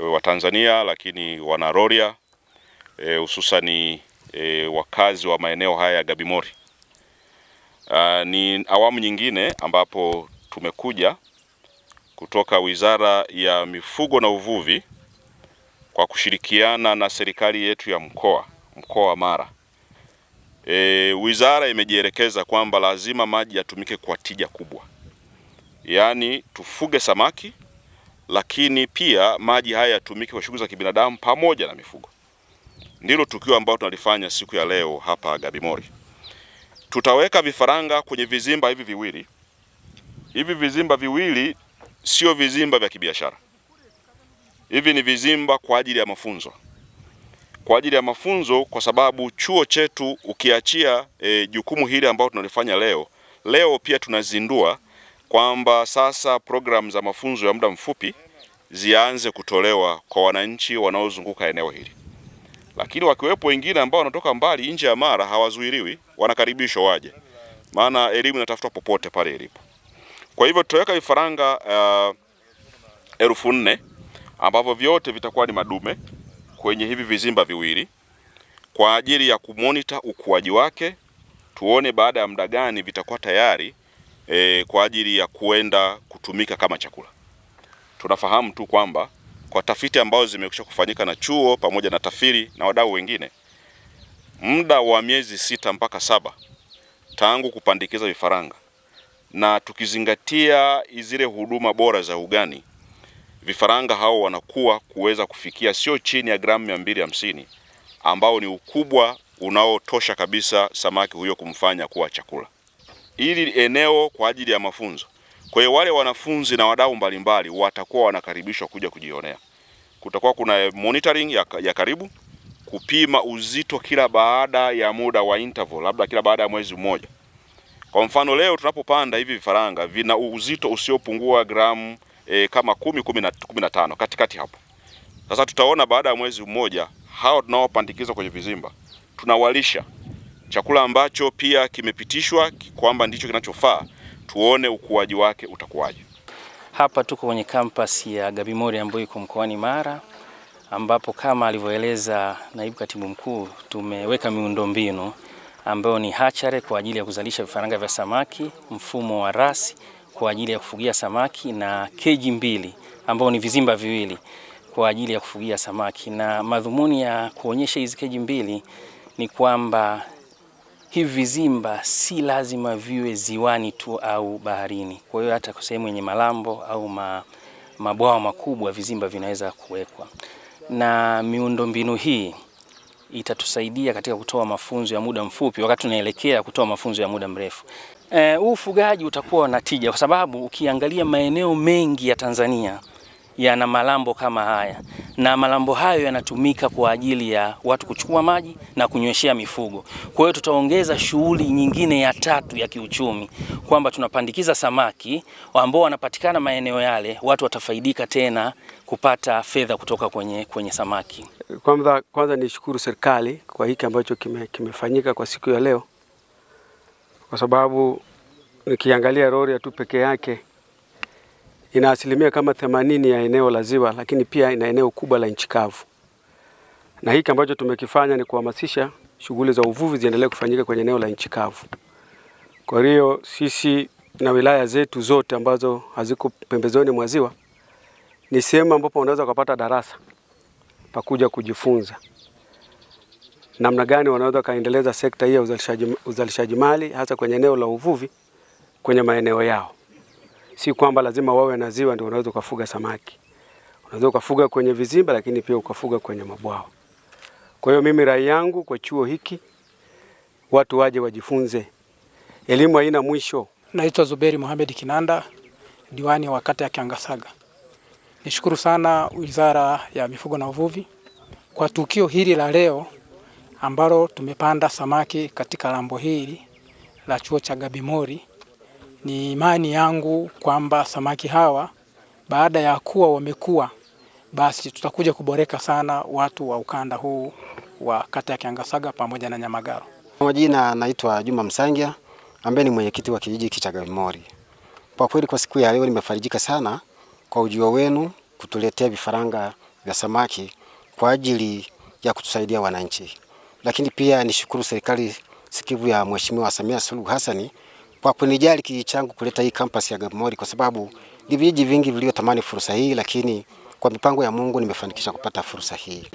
Eh, Watanzania lakini Wanaroria eh, hususan e, eh, e, wakazi wa maeneo haya ya Gabimori. A, ah, ni awamu nyingine ambapo tumekuja kutoka Wizara ya Mifugo na Uvuvi kwa kushirikiana na serikali yetu ya mkoa mkoa wa Mara. E, wizara imejielekeza kwamba lazima maji yatumike kwa tija kubwa, yaani tufuge samaki lakini pia maji haya yatumike kwa shughuli za kibinadamu pamoja na mifugo. Ndilo tukio ambalo tunalifanya siku ya leo hapa Gabimori. Tutaweka vifaranga kwenye vizimba hivi viwili. Hivi vizimba viwili sio vizimba vya kibiashara, hivi ni vizimba kwa ajili ya mafunzo, kwa ajili ya mafunzo, kwa sababu chuo chetu ukiachia e, jukumu hili ambalo tunalifanya leo, leo pia tunazindua kwamba sasa programu za mafunzo ya muda mfupi zianze kutolewa kwa wananchi wanaozunguka eneo hili, lakini wakiwepo wengine ambao wanatoka mbali nje ya Mara hawazuiliwi wanakaribishwa waje, maana elimu inatafutwa popote pale ilipo. Kwa hivyo tutaweka vifaranga uh, elfu nne ambavyo vyote vitakuwa ni madume kwenye hivi vizimba viwili kwa ajili ya kumonita ukuaji wake, tuone baada ya muda gani vitakuwa tayari e, kwa ajili ya kuenda kutumika kama chakula. Tunafahamu tu kwamba kwa tafiti ambazo zimekwisha kufanyika na chuo pamoja na tafiri na wadau wengine, muda wa miezi sita mpaka saba tangu kupandikiza vifaranga, na tukizingatia zile huduma bora za ugani, vifaranga hao wanakuwa kuweza kufikia sio chini ya gramu mia mbili hamsini ambao ni ukubwa unaotosha kabisa samaki huyo kumfanya kuwa chakula ili eneo kwa ajili ya mafunzo. Kwa hiyo wale wanafunzi na wadau mbalimbali watakuwa wanakaribishwa kuja kujionea. Kutakuwa kuna monitoring ya, ya karibu kupima uzito kila baada ya muda wa interval, labda kila baada ya mwezi mmoja. Kwa mfano leo tunapopanda hivi vifaranga vina uzito usiopungua gramu e, kama kumi, kumi na tano katikati hapo. Sasa tutaona baada ya mwezi mmoja hao tunaopandikiza kwenye vizimba tunawalisha chakula ambacho pia kimepitishwa kwamba ndicho kinachofaa, tuone ukuaji wake utakuwaje. Hapa tuko kwenye kampasi ya Gabimori ambayo iko mkoani Mara, ambapo kama alivyoeleza naibu katibu mkuu, tumeweka miundombinu ambayo ni hachare kwa ajili ya kuzalisha vifaranga vya samaki, mfumo wa rasi kwa ajili ya kufugia samaki na keji mbili ambao ni vizimba viwili kwa ajili ya kufugia samaki, na madhumuni ya kuonyesha hizi keji mbili ni kwamba hivi vizimba si lazima viwe ziwani tu au baharini. Kwa hiyo hata sehemu yenye malambo au ma, mabwawa makubwa vizimba vinaweza kuwekwa, na miundombinu hii itatusaidia katika kutoa mafunzo ya muda mfupi wakati tunaelekea kutoa mafunzo ya muda mrefu. Eh, huu e, ufugaji utakuwa na tija kwa sababu ukiangalia maeneo mengi ya Tanzania yana malambo kama haya, na malambo hayo yanatumika kwa ajili ya watu kuchukua maji na kunyweshea mifugo. Kwa hiyo tutaongeza shughuli nyingine ya tatu ya kiuchumi kwamba tunapandikiza samaki ambao wanapatikana maeneo yale, watu watafaidika tena kupata fedha kutoka kwenye, kwenye samaki. Kwanza, kwanza nishukuru serikali kwa hiki ambacho kime, kimefanyika kwa siku ya leo, kwa sababu nikiangalia rori ya tu peke yake ina asilimia kama themanini ya eneo la ziwa, lakini pia ina eneo kubwa la nchi kavu. Na hiki ambacho tumekifanya ni kuhamasisha shughuli za uvuvi ziendelee kufanyika kwenye eneo la nchi kavu. Kwa hiyo sisi na wilaya zetu zote ambazo haziko pembezoni mwa ziwa ni sehemu ambapo unaweza kupata darasa pakuja kujifunza namna gani wanaweza kaendeleza sekta hii ya uzalishaji, uzalishaji mali hasa kwenye eneo la uvuvi kwenye maeneo yao si kwamba lazima wawe na ziwa ndio unaweza ukafuga samaki. Unaweza ukafuga kwenye vizimba, lakini pia ukafuga kwenye mabwawa. Kwa hiyo mimi rai yangu kwa chuo hiki watu waje wajifunze, elimu haina mwisho. Naitwa Zuberi Mohamed Kinanda, diwani wa kata ya Kiangasaga. Nishukuru sana Wizara ya Mifugo na Uvuvi kwa tukio hili la leo ambalo tumepanda samaki katika lambo hili la chuo cha Gabimori. Ni imani yangu kwamba samaki hawa baada ya kuwa wamekuwa, basi tutakuja kuboreka sana watu wa ukanda huu wa kata ya Kiangasaga pamoja na Nyamagaro. Majina naitwa Juma Msangia ambaye ni mwenyekiti wa kijiji Kichagavimori. Kwa kweli kwa siku ya leo nimefarijika sana kwa ujio wenu kutuletea vifaranga vya samaki kwa ajili ya kutusaidia wananchi, lakini pia nishukuru serikali sikivu ya Mheshimiwa Samia Suluhu Hassani kwa kunijali kijiji changu kuleta hii kampasi ya Gabmori, kwa sababu ni vijiji vingi vilivyotamani fursa hii, lakini kwa mipango ya Mungu nimefanikisha kupata fursa hii.